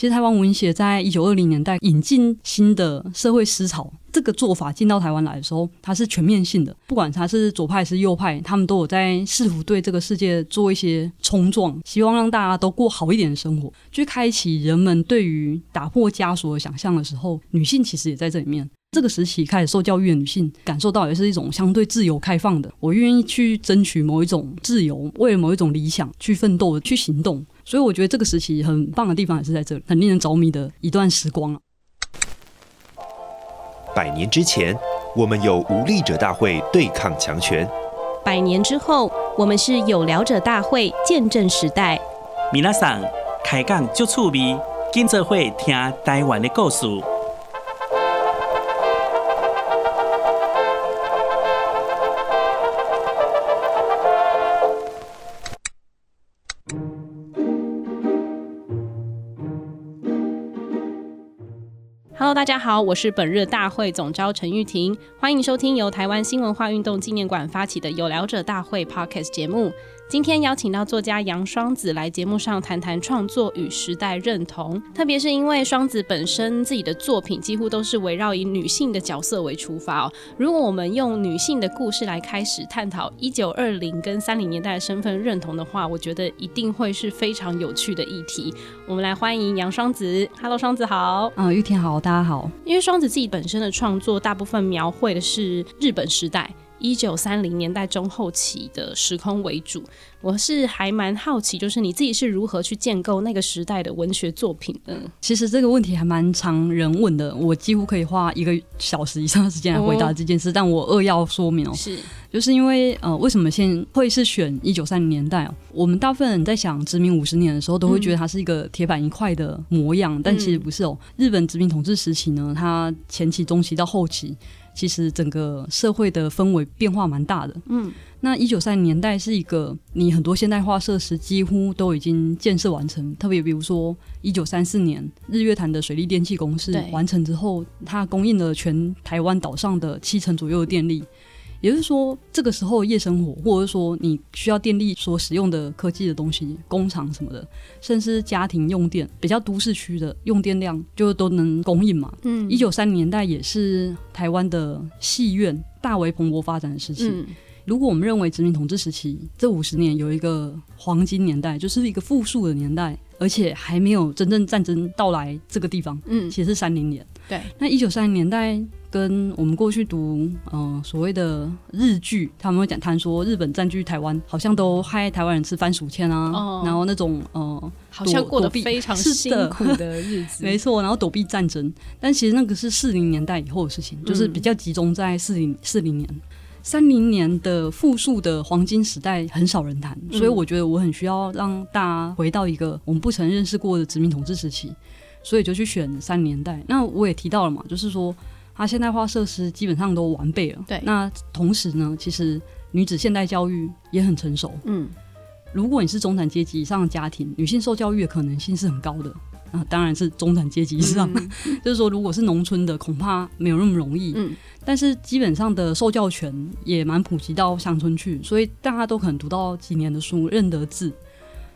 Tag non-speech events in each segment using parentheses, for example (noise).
其實台灣文學在一九二零年代引進新的社會思潮，這個做法進到台灣來的時候，它是全面性的，不管它是左派還是右派，他們都有在試圖對這個世界做一些衝撞，希望讓大家都過好一點的生活，去開啟人們對於打破枷鎖的想象的時候，女性其實也在這裡面。這個時期開始受教育的女性，感受到也是一種相對自由開放的，我願意去爭取某一種自由，為了某一種理想去奮鬥、去行動。所以我覺得這個時期很棒的地方也是在這裡，很令人着迷的一段時光啊。百年之前，我們有無力者大會對抗強權；百年之後，我們是有聊者大會見證時代。米娜桑開講就趣味，跟着會聽台灣的故事。Hello，大家好，我是本日大會總召陳玉婷，歡迎收聽由台灣新文化運動紀念館發起的有聊者大會 Podcast 節目。今天邀請到作家楊雙子來節目上談談創作與時代認同，特別是因為雙子本身自己的作品幾乎都是圍繞以女性的角色為出發哦。如果我們用女性的故事來開始探討一九二零跟三零年代的身份認同的話，我覺得一定會是非常有趣的議題。我們來歡迎楊雙子，Hello，雙子好，啊玉田好，大家好。因為雙子自己本身的創作大部分描繪的是日本時代。一九三零年代中後期的時空為主，我是還蠻好奇，就是你自己是如何去建構那個時代的文學作品的？其實這個問題還蠻常人問的，我幾乎可以花一個小時以上的時間來回答這件事，哦、但我扼要說明哦、喔，是就是因為呃，為什麼先會是選一九三零年代哦、喔？我們大部分人在想殖民五十年的時候，都會覺得它是一個鐵板一塊的模樣、嗯，但其實不是哦、喔。日本殖民統治時期呢，它前期、中期到後期。其實整個社會的氛圍變化蠻大的，嗯，那一九三零年代是一個你很多現代化設施幾乎都已經建設完成，特別比如說一九三四年日月潭的水利電氣公司完成之後，它供應了全台灣島上的七成左右的電力。也就是說，這個時候夜生活，或者說你需要電力所使用的科技的東西、工廠什麼的，甚至家庭用電，比較都市區的用電量就都能供應嘛。嗯，一九三零年代也是台灣的戲院大為蓬勃發展的時期。嗯，如果我們認為殖民統治時期這五十年有一個黃金年代，就是一個富庶的年代，而且還沒有真正戰爭到來這個地方。嗯，其實是三零年，對，那一九三零年代。跟我們過去讀，嗯、呃，所謂的日劇，他們會講，他說日本占據台灣，好像都害台灣人吃番薯簽啊、哦，然後那種，嗯、呃，好像過得非常辛苦的日子，呵呵沒錯。然後躲避戰爭，但其實那個是四零年代以後的事情，嗯、就是比較集中在四零四零年、三零年的復述的黃金時代，很少人談、嗯，所以我覺得我很需要讓大家回到一個我們不曾認識過的殖民統治時期，所以就去選三零年代。那我也提到了嘛，就是說。它、啊、現代化設施基本上都完備了。對。那同時呢，其實女子現代教育也很成熟。嗯。如果你是中產階級以上的家庭，女性受教育的可能性是很高的。啊。當然是中產階級以上。嗯嗯。就是說，如果是農村的，恐怕沒有那麼容易。嗯。但是基本上的受教權也蠻普及到鄉村去，所以大家都可能讀到幾年的書，認得字。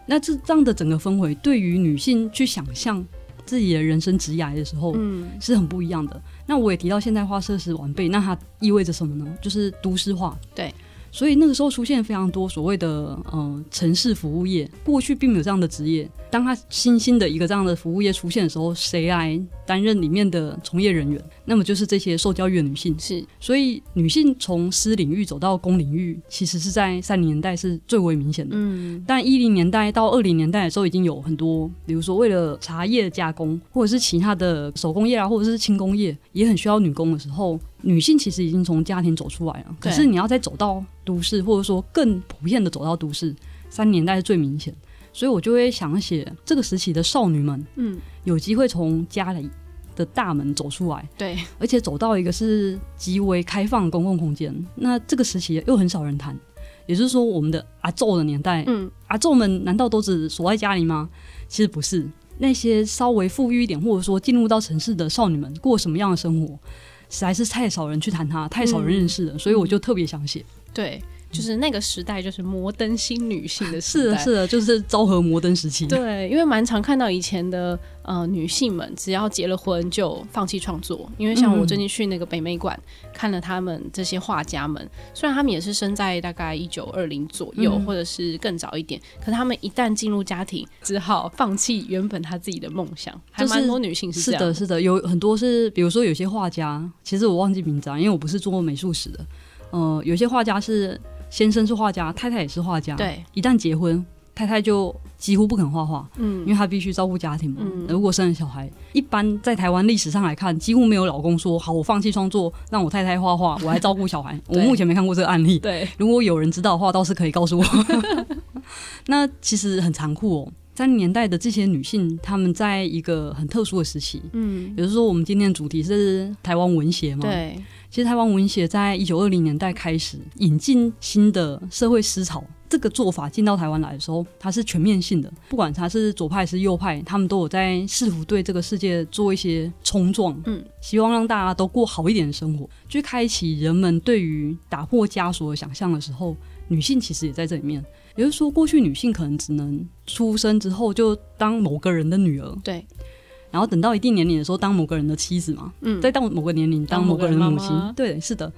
那這這樣的整個氛圍，對於女性去想象。自己的人生職涯的時候，嗯，是很不一樣的。那我也提到現代化設施完備，那它意味着什麼呢？就是都市化。對，所以那個時候出現非常多所謂的嗯、呃、城市服務業，過去並沒有這樣的職業。當它新興的一個這樣的服務業出現的時候，誰來？擔任裡面的從業人員，那麼就是這些受教育的女性是，所以女性從私領域走到公領域，其實是在三零年代是最為明顯的。嗯，但一零年代到二零年代的時候，已經有很多，比如說為了茶葉加工，或者是其他的手工業啊，或者是輕工業，也很需要女工的時候，女性其實已經從家庭走出來了。對。可是你要再走到都市，或者說更普遍的走到都市，三零年代是最明顯，所以我就會想寫這個時期的少女們。嗯。有機會從家裡的大門走出來，對，而且走到一個是極為開放的公共空間。那這個時期又很少人談，也就是說，我們的阿祖的年代，嗯，阿祖們難道都只鎖在家裡嗎？其實不是，那些稍微富裕一點或者說進入到城市的少女們過什麼樣的生活，實在是太少人去談它，太少人認識了。嗯，所以我就特別想寫，對。就是那個時代，就是摩登新女性的時代，是的，是的，就是昭和摩登時期。對，因為蠻常看到以前的呃女性們，只要結了婚就放棄創作，因為像我最近去那個北美館、嗯嗯、看了他們這些畫家們，雖然他們也是生在大概一九二零左右嗯嗯或者是更早一點，可是他們一旦進入家庭，只好放棄原本他自己的夢想。還是蠻多女性是這樣、就是、是的，是的，有很多是，比如說有些畫家，其實我忘記名字啊，因為我不是做美術史的，嗯、呃，有些畫家是。先生是畫家，太太也是畫家。對，一旦結婚，太太就幾乎不肯畫畫。嗯，因為她必須照顧家庭嘛。嗯，如果生了小孩，一般在台灣歷史上來看，幾乎沒有老公說好，我放棄創作，讓我太太畫畫，我來照顧小孩。 (laughs) 我目前沒看過這個案例。對，如果有人知道的話，倒是可以告訴我。 (laughs) 那其實很殘酷哦。三零年代的這些女性，她們在一個很特殊的時期。嗯，也就是說，我們今天的主題是台灣文學嘛？對。其實，台灣文學在一九二零年代開始引進新的社會思潮，這個做法進到台灣來的時候，它是全面性的，不管它是左派還是右派，他們都有在試圖對這個世界做一些衝撞。嗯，希望讓大家都過好一點的生活，嗯、去開啟人們對於打破枷鎖的想象的時候，女性其實也在這裡面。也就是說，過去女性可能只能出生之後就當某個人的女兒，對，然後等到一定年齡的時候當某個人的妻子嘛，嗯，再到某個年齡當某個人的母親媽媽，對，是的。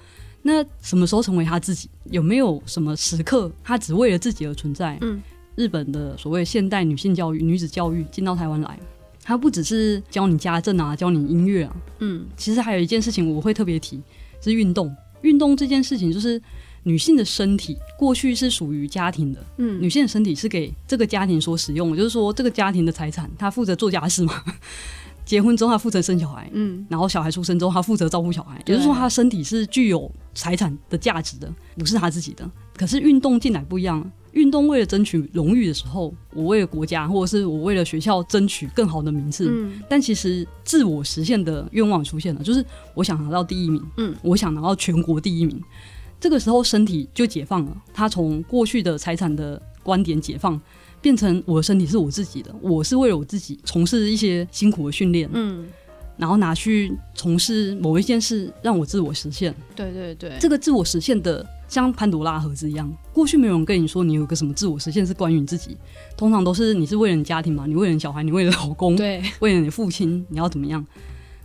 那什麼時候成為她自己？有沒有什麼時刻她只為了自己而存在？日本的所謂現代女性教育、女子教育進到台灣來，她不只是教你家政啊，教你音樂啊，嗯，其實還有一件事情我會特別提，是運動。運動這件事情就是。女性的身體過去是屬於家庭的，嗯，女性的身體是給這個家庭所使用的，就是說這個家庭的財產，她負責做家事嘛。結婚之後，她負責生小孩，嗯，然後小孩出生之後，她負責照顧小孩，也就是說，她身體是具有財產的價值的，不是她自己的。可是運動進來不一樣，運動為了爭取榮譽的時候，我為了國家或者是我為了學校爭取更好的名次，嗯，但其實自我實現的願望出現了，就是我想拿到第一名，嗯，我想拿到全國第一名。這個時候，身體就解放了。他從過去的財產的觀點解放，變成我的身體是我自己的，我是為了我自己從事一些辛苦的訓練，嗯，然後拿去從事某一件事，讓我自我實現。對對對，這個自我實現的，像潘多拉盒子一樣，過去沒有人跟你說你有個什麼自我實現是關於你自己，通常都是你是為了你家庭嘛，你為了你小孩，你為了老公，對，為了你父親，你要怎麼樣？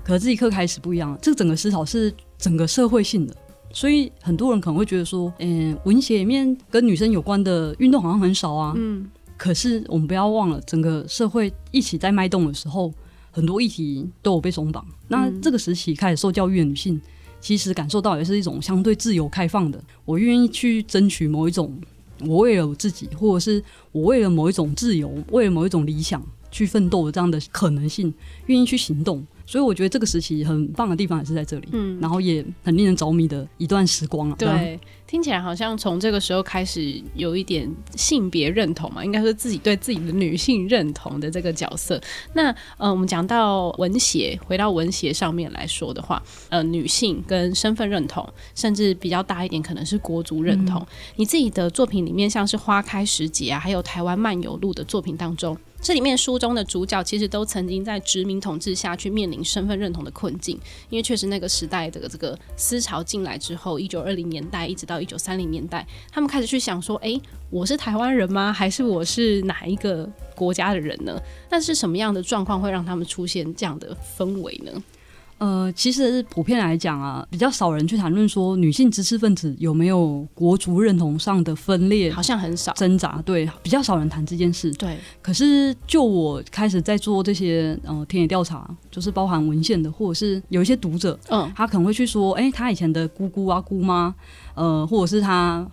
可是這一刻開始不一樣了，這個整個思考是整個社會性的。所以很多人可能會覺得說，嗯，文學裡面跟女生有關的運動好像很少啊。嗯，可是我們不要忘了，整個社會一起在脈動的時候，很多議題都有被鬆綁。那這個時期開始受教育的女性，其實感受到也是一種相對自由開放的。我願意去爭取某一種，我為了我自己，或者是我為了某一種自由，為了某一種理想。去奮鬥的這樣的可能性，願意去行動，所以我覺得這個時期很棒的地方也是在這裡，嗯，然後也很令人着迷的一段時光、啊、對、嗯，聽起來好像從這個時候開始有一點性別認同嘛，應該是自己對自己的女性認同的這個角色。那呃，我們講到文協，回到文協上面來說的話，呃，女性跟身份認同，甚至比較大一點，可能是國族認同、嗯。你自己的作品裡面，像是《花開時節》啊，還有《台灣漫遊錄》的作品當中。這裡面書中的主角其實都曾經在殖民統治下去面臨身份認同的困境，因為確實那個時代的這個思潮進來之後，一九二零年代一直到一九三零年代，他們開始去想說：誒，我是台灣人嗎？還是我是哪一個國家的人呢？但是什麼樣的狀況會讓他們出現這樣的氛圍呢？呃，其實是普遍來講啊，比較少人去談論說女性知識分子有沒有國族認同上的分裂，好像很少掙扎，對，比較少人談這件事。對，可是就我開始在做這些呃田野調查，就是包含文獻的，或者是有一些讀者，嗯，他可能會去說，哎、欸，他以前的姑姑啊、姑媽，呃，或者是他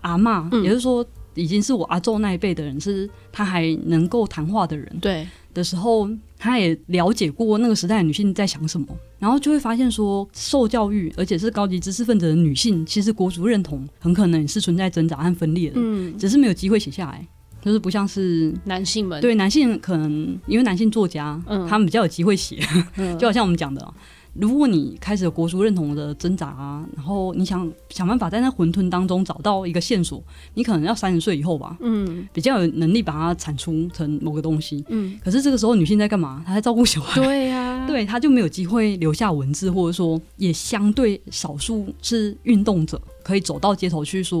阿嬤、嗯，也就是說，已經是我阿祖那一輩的人，是他還能夠談話的人，對的時候。他也了解過那個時代的女性在想什麼，然後就會發現說，受教育而且是高級知識分子的女性，其實國族認同很可能也是存在掙扎和分裂的，嗯，只是沒有機會寫下來，就是不像是男性們，對，男性可能，因為男性作家，嗯，他們比較有機會寫，嗯、 (laughs) 就好像我們講的。如果你開始有國族認同的掙扎，啊，然後你想想辦法在那混沌當中找到一個線索，你可能要三十歲以後吧，嗯，比較有能力把它產出成某個東西，嗯，可是這個時候女性在幹嘛？她在照顧小孩，對呀、啊，對，她就沒有機會留下文字，或者說也相對少數是運動者可以走到街頭去說，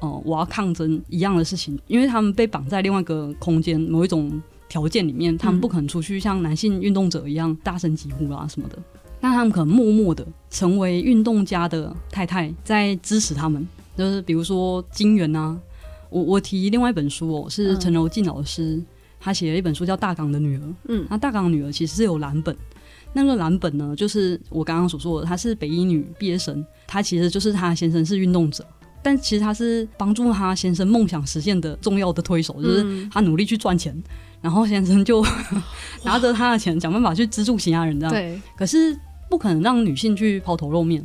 哦、呃，我要抗爭一樣的事情，因為他們被綁在另外一個空間某一種條件裡面，他們不可能出去像男性運動者一樣大聲疾呼啊什麼的。那他們可能默默的成為運動家的太太，在支持他們，就是比如說金援啊，我我提另外一本書哦、喔，是陳柔縉老師，她、嗯、寫了一本書叫《大港的女兒》，嗯，那《大港的女兒》其實是有藍本，那個藍本呢，就是我剛剛所說的，她是北一女畢業生，她其實就是她先生是運動者，但其實她是幫助她先生夢想實現的重要的推手，嗯、就是她努力去賺錢，然後先生就 (laughs) 拿着他的錢，想辦法去資助其他人這樣，對，可是。不可能讓女性去拋頭露面，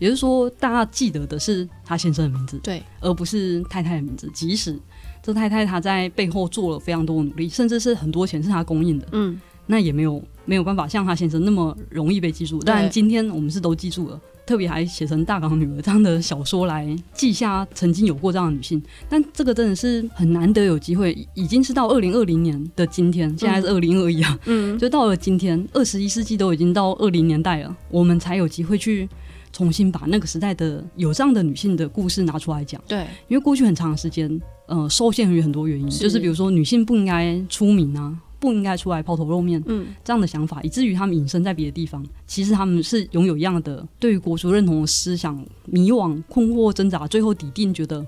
也就是說，大家記得的是她先生的名字，對，而不是太太的名字。即使這太太她在背後做了非常多努力，甚至是很多錢是她供應的，嗯，那也沒有沒有辦法像她先生那麼容易被記住。但今天我們是都記住了。特別還寫成大港女兒這樣的小說，來記下曾經有過這樣的女性，但這個真的是很難得有機會，已經是到二零二零年的今天，現在是二零二一啊嗯，嗯，就到了今天，二十一世紀都已經到二零年代了，我們才有機會去重新把那個時代的有這樣的女性的故事拿出來講，對，因為過去很長的時間，嗯、呃，受限於很多原因，就是比如說女性不應該出名啊。不應該出來拋頭露面，這樣的想法，嗯、以至於他們隱身在別的地方。其實他們是擁有一樣的對於國族認同的思想，迷惘、困惑、掙扎，最後底定，覺得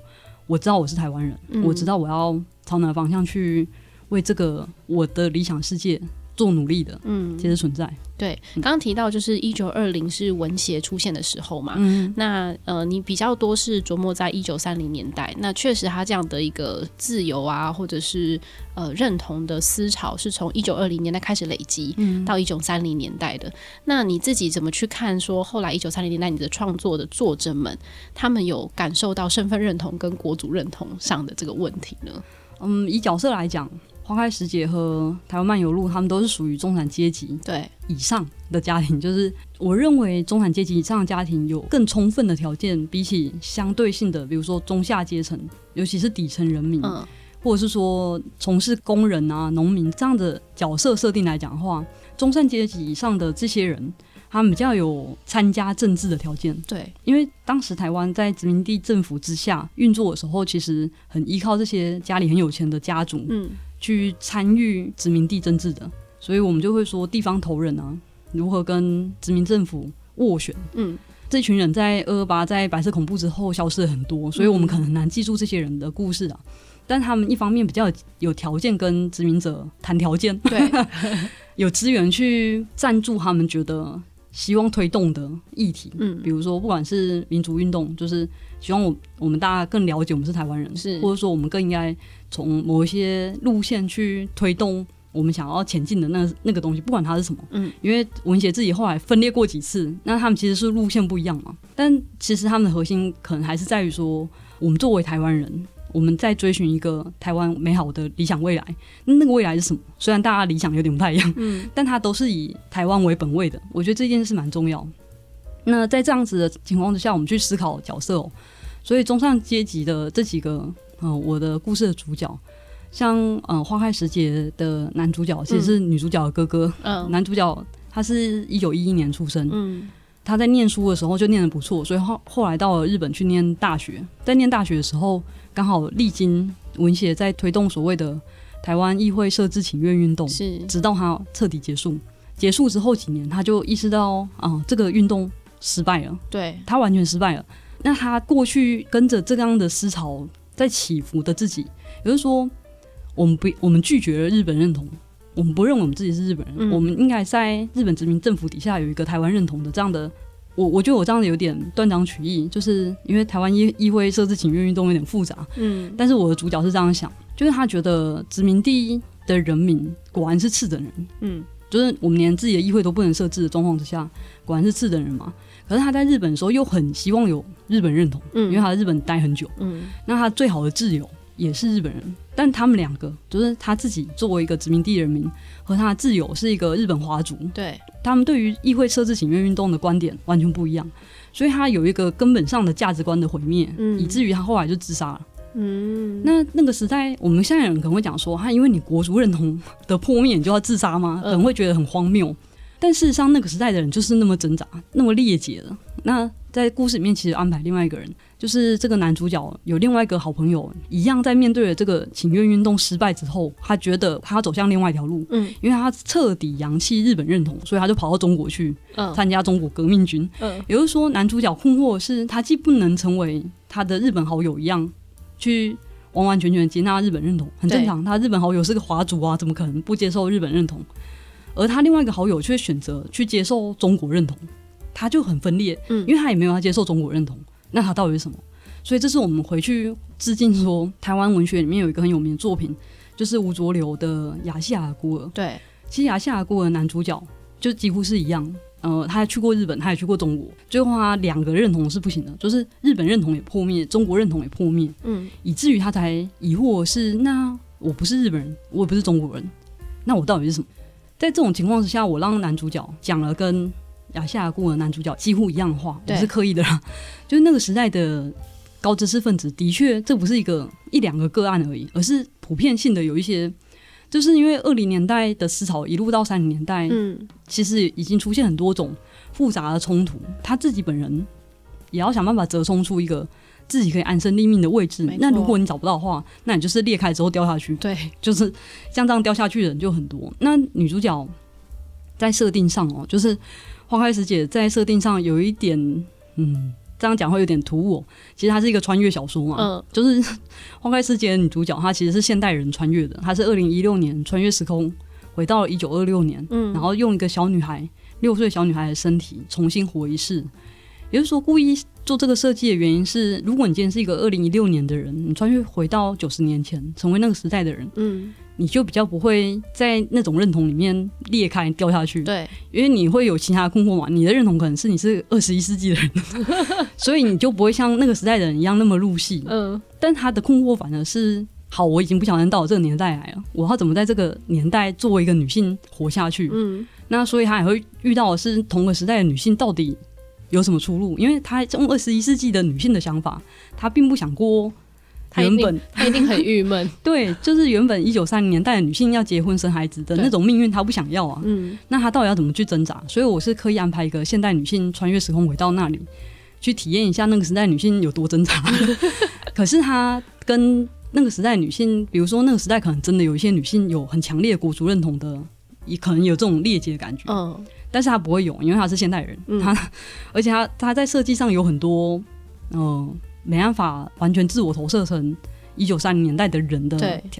我知道我是台灣人，嗯，我知道我要朝哪個方向去，為這個我的理想世界。做努力的，嗯，其實存在。嗯、對，剛剛提到就是一九二零是文協出現的時候嘛，嗯，那呃，你比較多是琢磨在一九三零年代，那確實他這樣的一個自由啊，或者是呃認同的思潮，是從一九二零年代開始累積、嗯、到一九三零年代的。那你自己怎麼去看說後來一九三零年代你的創作的作者們，他們有感受到身份認同跟國族認同上的這個問題呢？嗯，以角色來講。花開時節和台灣漫遊錄，他們都是屬於中產階級以上的家庭。對。就是我認為，中產階級以上的家庭有更充分的條件，比起相對性的，比如說中下階層，尤其是底層人民、嗯，或者是說從事工人啊、農民這樣的角色設定來講的話，中產階級以上的這些人，他們比較有參加政治的條件。對，因為當時台灣在殖民地政府之下運作的時候，其實很依靠這些家裡很有錢的家族。嗯。去參與殖民地政治的，所以我們就會說地方頭人啊，如何跟殖民政府斡旋。嗯，這群人在二二八在白色恐怖之後消失了很多，所以我們可能難記住這些人的故事啊。嗯、但他們一方面比較有條件跟殖民者談條件，對， (laughs) 有資源去贊助他們，覺得。希望推動的議題，嗯，比如說，不管是民族運動，嗯，就是希望我、我們大家更了解我們是台灣人，是或者說我們更應該從某一些路線去推動我們想要前進的那、那個東西，不管它是什麼，嗯，因為文協自己後來分裂過幾次，那他們其實是路線不一樣嘛，但其實他們的核心可能還是在於說，我們作為台灣人。我們在追尋一個台灣美好的理想未來，那，那個未來是什麼？雖然大家理想有點不太一樣，嗯，但他都是以台灣為本位的。我覺得這件事蠻重要。那在這樣子的情況之下，我們去思考角色、喔。所以中上階級的這幾個，嗯、呃，我的故事的主角，像嗯、呃《花開時節》的男主角，其實是女主角的哥哥。嗯，男主角他是一九一一年出生。嗯，他在念書的時候就念得不錯，所以後後來到了日本去念大學。在念大學的時候。剛好歷經文協在推動所謂的台灣議會設置請願運動，是直到它徹底結束。結束之後幾年，他就意識到啊，這個運動失敗了。對，他完全失敗了。那他過去跟着這樣的思潮在起伏的自己，也就是說，我們不，我們拒絕了日本認同，我們不認為我們自己是日本人，嗯、我們應該在日本殖民政府底下有一個台灣認同的這樣的。我我覺得我這樣子有點斷章取義，就是因為台灣議會設置請願運動有點複雜，嗯，但是我的主角是這樣想，就是他覺得殖民地的人民果然是次等人，嗯，就是我們連自己的議會都不能設置的狀況之下，果然是次等人嘛。可是他在日本的時候又很希望有日本認同，嗯、因為他在日本待很久，嗯，那他最好的摯友也是日本人，嗯、但他們兩個就是他自己作為一個殖民地人民和他的摯友是一個日本華族，對。他們對於議會設置請願運動的觀點完全不一樣，所以他有一個根本上的價值觀的毀滅、嗯，以至於他後來就自殺了。嗯，那那個時代，我們現在人可能會講說，他因為你國族認同的破滅你就要自殺嗎？可能會覺得很荒謬。嗯但事實上，那個時代的人就是那麼掙扎，那麼裂解的。那在故事裡面，其實安排另外一個人，就是這個男主角有另外一個好朋友，一樣在面對了這個請願運動失敗之後，他覺得他要走向另外一條路。嗯，因為他徹底揚棄日本認同，所以他就跑到中國去、嗯、參加中國革命軍。嗯、也就是說，男主角困惑的是，他既不能成為他的日本好友一樣，去完完全全接納日本認同，很正常。他日本好友是個華族啊，怎麼可能不接受日本認同？而他另外一個好友卻選擇去接受中國認同，他就很分裂，嗯，因為他也沒有要接受中國認同，那他到底是什麼？所以這次我們回去致敬說，台灣文學裡面有一個很有名的作品，就是吳濁流的《亞細亞孤兒》。對，其實《亞細亞孤兒》男主角就幾乎是一樣，呃，他還去過日本，他也去過中國，最後他兩個認同是不行的，就是日本認同也破滅，中國認同也破滅，嗯，以至於他才疑惑是：那我不是日本人，我也不是中國人，那我到底是什麼？在這種情況之下，我讓男主角講了跟亞夏的男主角幾乎一樣的話，我是就是刻意的啦。就是那個時代的高知識分子，的確這不是一個一兩個個案而已，而是普遍性的有一些，就是因為二零年代的思潮一路到三零年代、嗯，其實已經出現很多種複雜的衝突，他自己本人也要想辦法折衝出一個。自己可以安身立命的位置，那如果你找不到的話，那你就是裂開之後掉下去。對，就是像這樣掉下去的人就很多。那女主角在設定上哦，就是《花開時節》在設定上有一點，嗯，這樣講會有點突兀。其實它是一個穿越小說嘛，嗯，就是《花開時節》的女主角她其實是現代人穿越的，她是二零一六年穿越時空回到了一九二六年，嗯，然後用一個小女孩六歲小女孩的身體重新活一世。也就是說，故意做這個設計的原因是，如果你今天是一個二零一六年的人，你穿越回到九十年前，成為那個時代的人，嗯，你就比較不會在那種認同裡面裂開掉下去，對，因為你會有其他的困惑嘛。你的認同可能是你是二十一世紀的人， (laughs) 所以你就不會像那個時代的人一樣那麼入戲，嗯。但他的困惑反而是，好，我已經不想得到這個年代來了，我要怎麼在這個年代作為一個女性活下去？嗯，那所以他也會遇到的是同個時代的女性到底有什麼出路？因為她從二十一世紀的女性的想法，她並不想過。她原本她一，她一定很鬱悶， (laughs) 對，就是原本一九三零年代的女性要結婚生孩子的那種命運，她不想要啊。嗯，那她到底要怎麼去掙扎，嗯？所以我是刻意安排一個現代女性穿越時空回到那裡，去體驗一下那個時代女性有多掙扎。 (laughs) 可是她跟那個時代女性，比如說那個時代可能真的有一些女性有很強烈的國族認同的。也可能有這種獵奇的感覺，嗯，但是他不會有，因為他是現代人，他，嗯、而且他他在設計上有很多，嗯、呃，沒辦法完全自我投射成一九三零年代的人的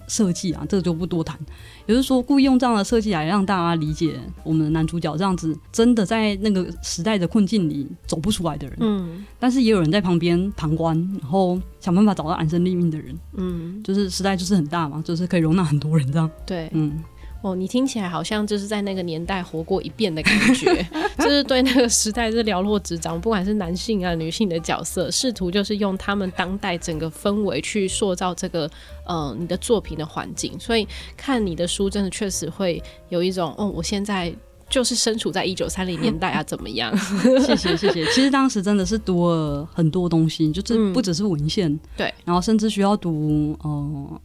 設計啊，這個就不多談。也就是說，故意用這樣的設計來讓大家理解我們的男主角這樣子真的在那個時代的困境裡走不出來的人，嗯，但是也有人在旁邊旁觀，然後想辦法找到安身立命的人，嗯，就是時代就是很大嘛，就是可以容納很多人這樣，對，嗯。哦，你聽起來好像就是在那個年代活過一遍的感覺， (laughs) 就是對那個時代是了如指掌，不管是男性啊、女性的角色，試圖就是用他們當代整個氛圍去塑造這個，呃，你的作品的環境。所以看你的書，真的確實會有一種，哦，我現在。就是身處在一九三零年代啊，怎麼樣？ (laughs) 謝謝謝謝。 (laughs) 其實當時真的是讀了很多東西，就是不只是文獻，嗯，對，然後甚至需要讀呃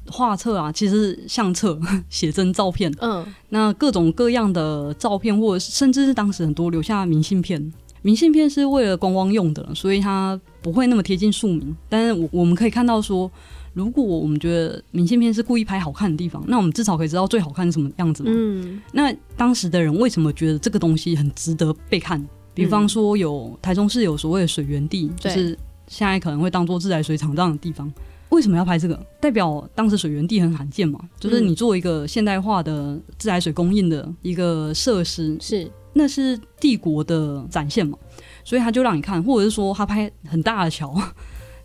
畫冊啊，其實是相冊、寫 (laughs) 真、照片，嗯，那各種各樣的照片，或者甚至是當時很多留下的明信片，明信片是為了觀光用的，所以它不會那麼貼近庶民，但是我我們可以看到說。如果我們覺得明信片是故意拍好看的地方，那我們至少可以知道最好看是什麼樣子嘛。嗯，那當時的人為什麼覺得這個東西很值得被看？比方說有台中市有所謂的水源地，嗯，就是現在可能會當做自來水廠這樣的地方，為什麼要拍這個？代表當時水源地很罕見嘛。就是你做一個現代化的自來水供應的一個設施，是那是帝國的展現嘛。所以他就讓你看，或者是說他拍很大的橋。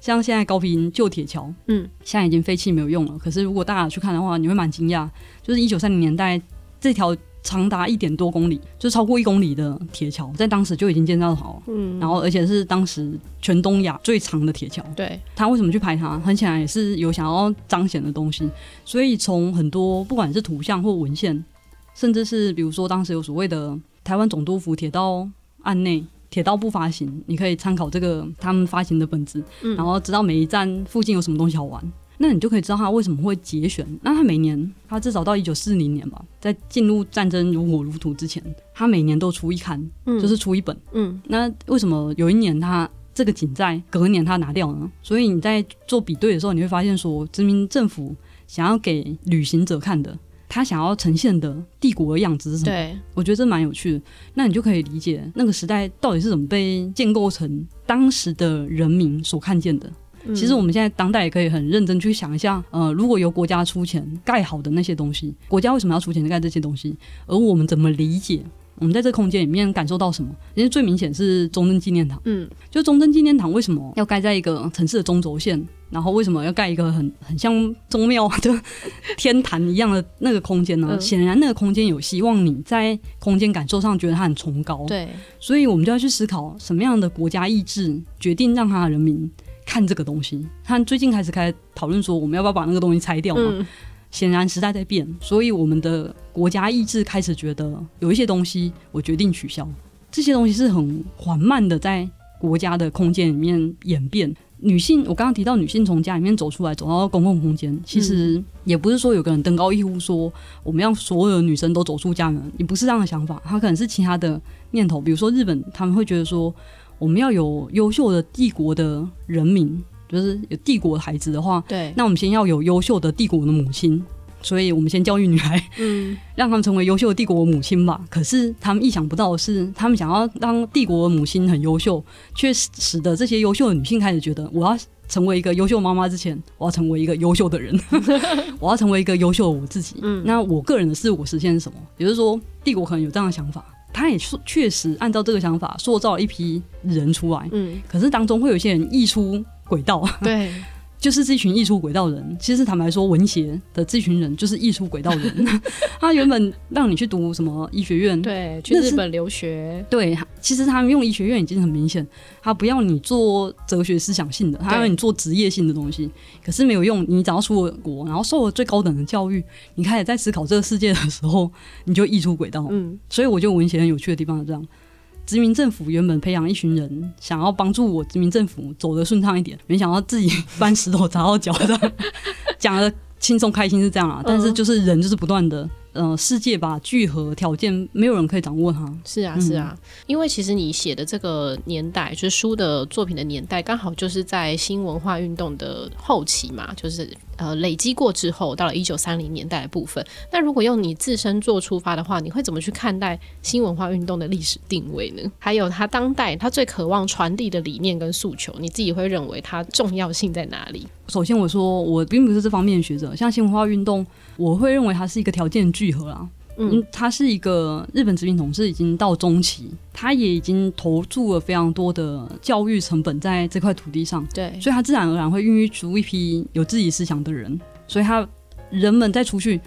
像現在高屏舊鐵橋，嗯，現在已經廢棄沒有用了，嗯。可是如果大家去看的話，你會蠻驚訝，就是一九三零年代這條長達一點多公里，就是超過一公里的鐵橋，在當時就已經建造好了，嗯，然後而且是當時全東亞最長的鐵橋。對，他為什麼去拍它？很顯然也是有想要彰顯的東西。所以從很多不管是圖像或文獻，甚至是比如說當時有所謂的台灣總督府鐵道案內。鐵道部發行，你可以參考這個他們發行的本子、嗯，然後知道每一站附近有什麼東西好玩。那你就可以知道他為什麼會節選。那他每年，他至少到一九四零年吧，在進入戰爭如火如荼之前，他每年都出一刊、嗯，就是出一本。嗯，那為什麼有一年他這個景在隔年他拿掉呢？所以你在做比對的時候，你會發現說，殖民政府想要給旅行者看的。他想要呈現的帝國的樣子是什麼？對，我覺得這蠻有趣的。那你就可以理解那個時代到底是怎麼被建構成當時的人民所看見的。嗯、其實我們現在當代也可以很認真去想一下，呃，如果由國家出錢蓋好的那些東西，國家為什麼要出錢去蓋這些東西？而我們怎麼理解？我們在這空間裡面感受到什麼？因為最明顯是中正紀念堂。嗯，就中正紀念堂為什麼要蓋在一個城市的中軸線？然後為什麼要蓋一個很很像宗廟的天壇一樣的那個空間呢？嗯、顯然那個空間有希望你在空間感受上覺得它很崇高。對，所以我們就要去思考什麼樣的國家意志決定讓他的人民看這個東西。他最近開始開始討論說，我們要不要把那個東西拆掉嘛？嗯、顯然時代在，在變，所以我們的國家意志開始覺得有一些東西，我決定取消。這些東西是很緩慢的在國家的空間裡面演變。女性，我剛剛提到女性從家裡面走出來，走到公共空間，其實也不是說有個人登高一呼說我們要所有的女生都走出家門，也不是這樣的想法，他可能是其他的念頭，比如說日本他們會覺得說我們要有優秀的帝國的人民，就是有帝國的孩子的話，對，那我們先要有優秀的帝國的母親。所以，我們先教育女孩，嗯，讓她們成為優秀的帝國的母親吧。可是，他們意想不到的是，他們想要讓帝國的母親很優秀，卻使得這些優秀的女性開始覺得，我要成為一個優秀媽媽之前，我要成為一個優秀的人， (laughs) 我要成為一個優秀的我自己。嗯，那我個人的自我實現是什麼？也就是說，帝國可能有這樣的想法，他也確實按照這個想法塑造了一批人出來。嗯，可是當中會有一些人溢出軌道。對。就是這群溢出軌道人，其實坦白說，文協的這群人就是溢出軌道人。 (laughs) 他原本讓你去讀什麼醫學院，對，去日本留學，對。其實他們用醫學院已經很明顯，他不要你做哲學思想性的，他要你做職業性的東西。可是沒有用，你只要出國，然後受了最高等的教育，你開始在思考這個世界的時候，你就溢出軌道。嗯，所以我就文協很有趣的地方是這樣。殖民政府原本培養一群人，想要幫助我殖民政府走得順暢一點，沒想到自己搬石頭砸到腳上。講得輕鬆開心是這樣啊，但是就是人就是不斷的，呃，世界吧聚合條件，沒有人可以掌握它，啊。是啊，嗯，是啊，因為其實你寫的這個年代，就是書的作品的年代，剛好就是在新文化運動的後期嘛，就是。呃，累積過之後，到了一九三零年代的部分。那如果用你自身做出發的話，你會怎麼去看待新文化運動的歷史定位呢？還有它當代它最渴望傳遞的理念跟訴求，你自己會認為它重要性在哪裡？首先我說，我並不是這方面的學者，像新文化運動，我會認為它是一個條件聚合啊。嗯，他是一個日本殖民統治已經到中期，他也已經投注了非常多的教育成本在這塊土地上，對，所以他自然而然會孕育出一批有自己思想的人，所以他人們再出去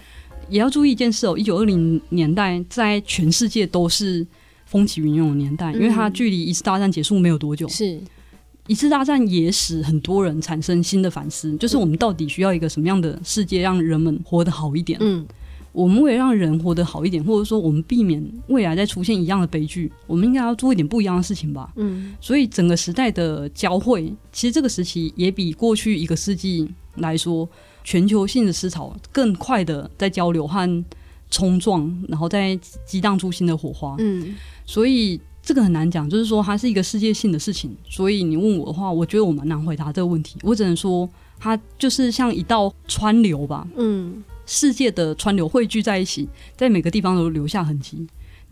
也要注意一件事哦、喔，一九二零年代在全世界都是風起雲湧的年代，嗯、因為他距離一次大戰結束沒有多久，是一次大戰也使很多人產生新的反思，就是我們到底需要一個什麼樣的世界，讓人們活得好一點，嗯，嗯。我們為了讓人活得好一點，或者說我們避免未來再出現一樣的悲劇，我們應該要做一點不一樣的事情吧。嗯，所以整個時代的交匯，其實這個時期也比過去一個世紀來說，全球性的思潮更快的在交流和衝撞，然後在激盪出新的火花。嗯，所以這個很難講，就是說它是一個世界性的事情。所以你問我的話，我覺得我蠻難回答這個問題。我只能說，它就是像一道川流吧。嗯。世界的川流匯聚在一起，在每個地方都留下痕跡。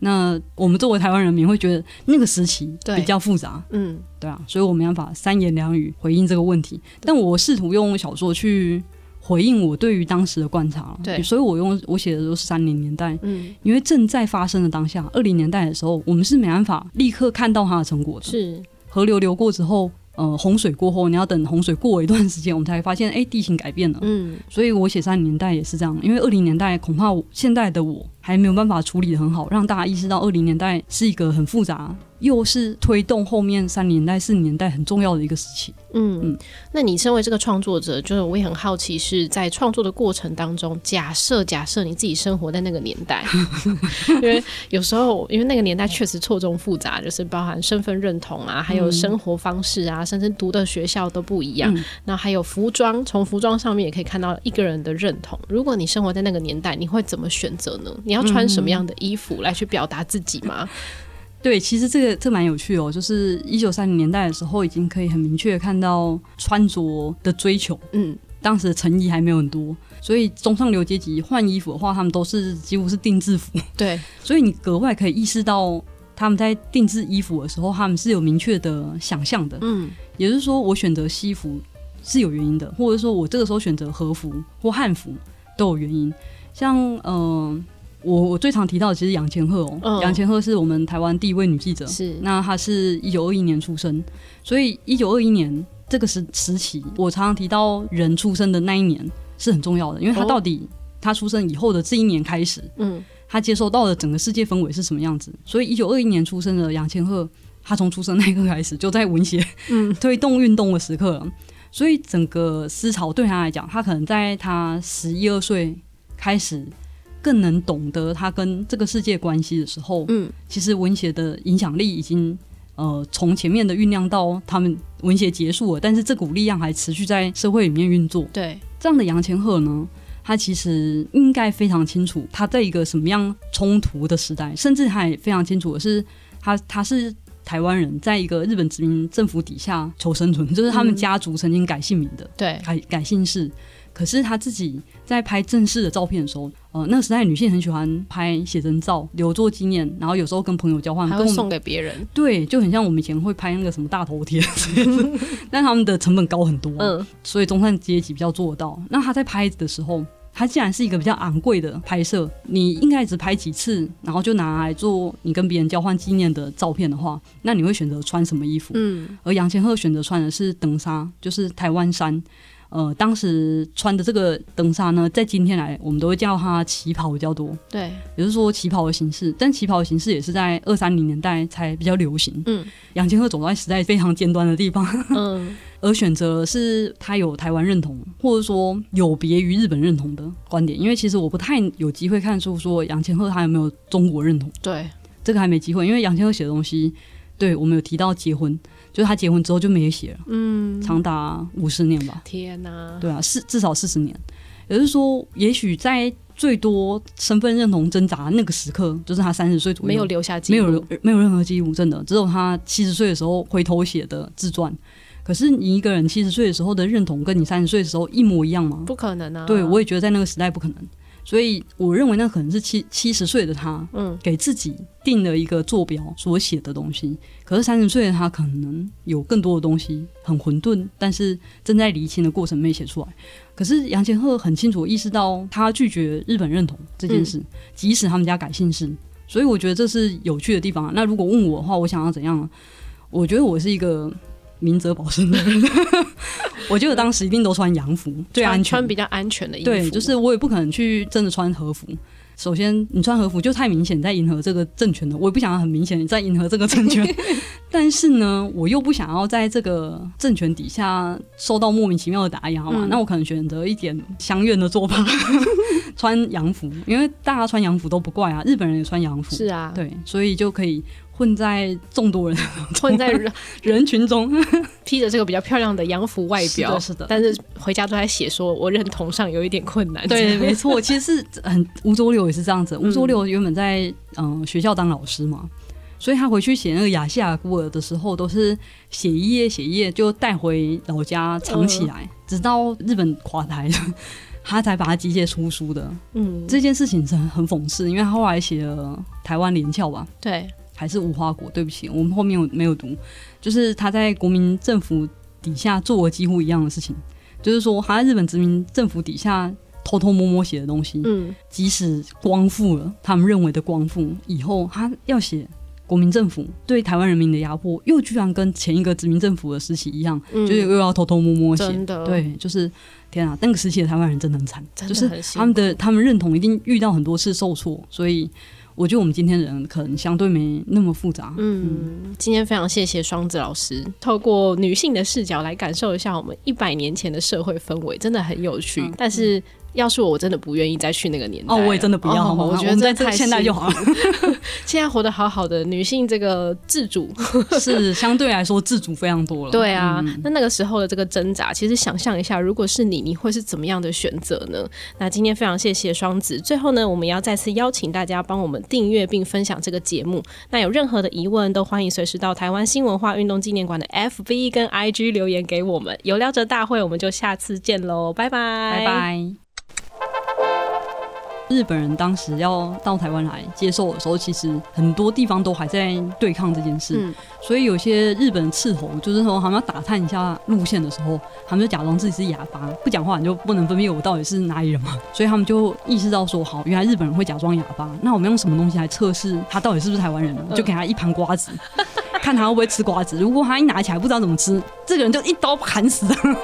那我們作為台灣人民，會覺得那個時期比較複雜，嗯，對啊，所以我沒辦法三言兩語回應這個問題。但我試圖用小說去回應我對於當時的觀察，對，所以我用我寫的都是三零年代，嗯，因為正在發生的當下，二零年代的時候，我們是沒辦法立刻看到它的成果的，是河流流過之後。呃，洪水過後，你要等洪水過一段時間，我們才發現，哎、欸，地形改變了。嗯，所以我寫三十年代也是這樣，因為二零年代恐怕現在的我。還沒有辦法處理得很好，讓大家意識到二零年代是一個很複雜，又是推動後面三零年代、四零年代很重要的一個時期。嗯嗯。那你身為這個創作者，就是我也很好奇，是在創作的過程當中，假設假設你自己生活在那個年代， (laughs) 因為有時候因為那個年代確實錯綜複雜，就是包含身份認同啊，還有生活方式啊，嗯、甚至讀的學校都不一樣。那、嗯、還有服裝，從服裝上面也可以看到一個人的認同。如果你生活在那個年代，你會怎麼選擇呢？你？要穿什麼樣的衣服來去表達自己嗎、嗯？對，其實這個這蠻有趣哦。就是一九三零年代的時候，已經可以很明確看到穿着的追求。嗯，當時的成衣還沒有很多，所以中上流階級換衣服的話，他們都是幾乎是定製服。對，所以你格外可以意識到他們在定製衣服的時候，他們是有明確的想象的。嗯，也就是說，我選擇西服是有原因的，或者說我這個時候選擇和服或漢服都有原因。像嗯。呃我我最常提到的其實楊千鶴哦，楊千鶴是我們台灣第一位女記者，是那她是一九二一年出生，所以一九二一年這個時時期，我常常提到人出生的那一年是很重要的，因為他到底他出生以後的這一年開始，嗯、oh.，他接收到的整個世界氛圍是什麼樣子，所以一九二一年出生的楊千鶴，她從出生那一刻開始就在文學，嗯，推動運動的時刻了，所以整個思潮對他來講，他可能在他十一二歲開始。更能懂得他跟這個世界關係的時候，嗯，其實文學的影響力已經呃、從前面的醞釀到他們文學結束了，但是這股力量還持續在社會裡面運作。對，這樣的楊千鶴呢，他其實應該非常清楚他在一個什麼樣衝突的時代，甚至他也非常清楚的是，他，他是台灣人，在一個日本殖民政府底下求生存，就是他們家族曾經改姓名的，嗯，對，改改姓氏。可是他自己在拍正式的照片的時候，呃，那個時代女性很喜歡拍寫真照留作紀念，然後有時候跟朋友交換，還送給別人。對，就很像我們以前會拍那個什麼大頭貼， (laughs) 但他們的成本高很多，嗯，所以中產階級比較做得到。那他在拍的時候，他既然是一個比較昂貴的拍攝，你應該只拍幾次，然後就拿來做你跟別人交換紀念的照片的話，那你會選擇穿什麼衣服？嗯，而楊千鶴選擇穿的是登紗，就是台灣衫。呃，當時穿的這個長衫呢，在今天來，我們都會叫它旗袍比較多。對，也就是說旗袍的形式，但旗袍的形式也是在二三零年代才比較流行。嗯，楊千鶴走在時代非常尖端的地方，嗯，呵呵而選擇是他有台灣認同，或者說有別於日本認同的觀點。因為其實我不太有機會看出說楊千鶴他有沒有中國認同。對，這個還沒機會，因為楊千鶴寫的東西，對我們有提到結婚。就是他結婚之後就沒寫了，嗯，長達五十年吧。天吶、啊，對啊，四至少四十年，也就是說，也許在最多身份認同掙扎的那個時刻，就是他三十歲左右，沒有留下，沒有、呃、沒有任何記錄，真的只有他七十歲的時候回頭寫的自傳。可是你一個人七十歲的時候的認同，跟你三十歲的時候一模一樣嗎？不可能啊！對，我也覺得在那個時代不可能。所以我認為那可能是七七十歲的他，嗯，給自己定了一個坐標所寫的東西，嗯。可是三十歲的他可能有更多的東西很混沌，但是正在釐清的過程沒寫出來。可是楊千鶴很清楚意識到他拒絕日本認同這件事，嗯，即使他們家改姓氏。所以我覺得這是有趣的地方啊。那如果問我的話，我想要怎樣啊？我覺得我是一個明哲保身的人。 (laughs) 我覺得當時一定都穿洋服對，穿，穿比較安全的衣服。對，就是我也不可能去真的穿和服。首先，你穿和服就太明顯在迎合這個政權了。我也不想要很明顯在迎合這個政權， (laughs) 但是呢，我又不想要在這個政權底下受到莫名其妙的打壓嘛、嗯。那我可能選擇一點鄉願的做法， (laughs) 穿洋服，因為大家穿洋服都不怪啊，日本人也穿洋服，是啊，對，所以就可以。混在眾多人，混在人， (laughs) 人群中，披着這個比較漂亮的洋服外表，是的。但是回家都還寫說，我認同上有一點困難。 (laughs) 對，對，對笑沒錯。其實是很吳濁流也是這樣子。吳濁流原本在嗯、呃、學校當老師嘛，嗯、所以他回去寫那個《亞細亞孤兒》的時候，都是寫一頁寫一頁就帶回老家藏起來，呃、直到日本垮台了，他才把它集結出書的。嗯，這件事情是很諷刺，因為他後來寫了《台灣連翹》吧？對。還是無花果，對不起，我們後面我沒，沒有讀，就是他在國民政府底下做了幾乎一樣的事情，就是說，他在日本殖民政府底下偷偷摸摸寫的東西，嗯，即使光復了，他們認為的光復以後，他要寫國民政府對台灣人民的壓迫，又居然跟前一個殖民政府的時期一樣，嗯，就是又要偷偷摸摸寫，對，就是天啊，那個時期的台灣人真的很慘，就是他們的他們認同一定遇到很多次受挫，所以。我覺得我們今天人可能相對沒那麼複雜。嗯，嗯，今天非常謝謝雙子老師，透過女性的視角來感受一下我們一百年前的社會氛圍，真的很有趣。嗯，但是。嗯要是我，我真的不願意再去那個年代。哦，我也真的不要。哦、我覺得這太在這現在就，好， (laughs) 現在活得好好的女性，這個自主 (laughs) 是相對來說自主非常多了。對啊，嗯、那那個時候的這個掙扎，其實想象一下，如果是你，你會是怎麼樣的選擇呢？那今天非常謝謝雙子。最後呢，我們要再次邀請大家幫我們訂閱並分享這個節目。那有任何的疑問，都歡迎隨時到台灣新文化運動紀念館的 F B 跟 I G 留言給我們。有聊者大會，我們就下次見嘍，拜拜，拜拜。日本人當時要到台灣來接受的時候，其實很多地方都還在對抗這件事，嗯、所以有些日本斥候就是說，他們要打探一下路線的時候，他們就假裝自己是啞巴，不講話，你就不能分辨我到底是哪裡人嘛。所以他們就意識到說，好，原來日本人會假裝啞巴，那我們用什麼東西來測試他到底是不是台灣人呢？嗯、就給他一盤瓜子， (laughs) 看他會不會吃瓜子。如果他一拿起來不知道怎麼吃，這個人就一刀砍死了。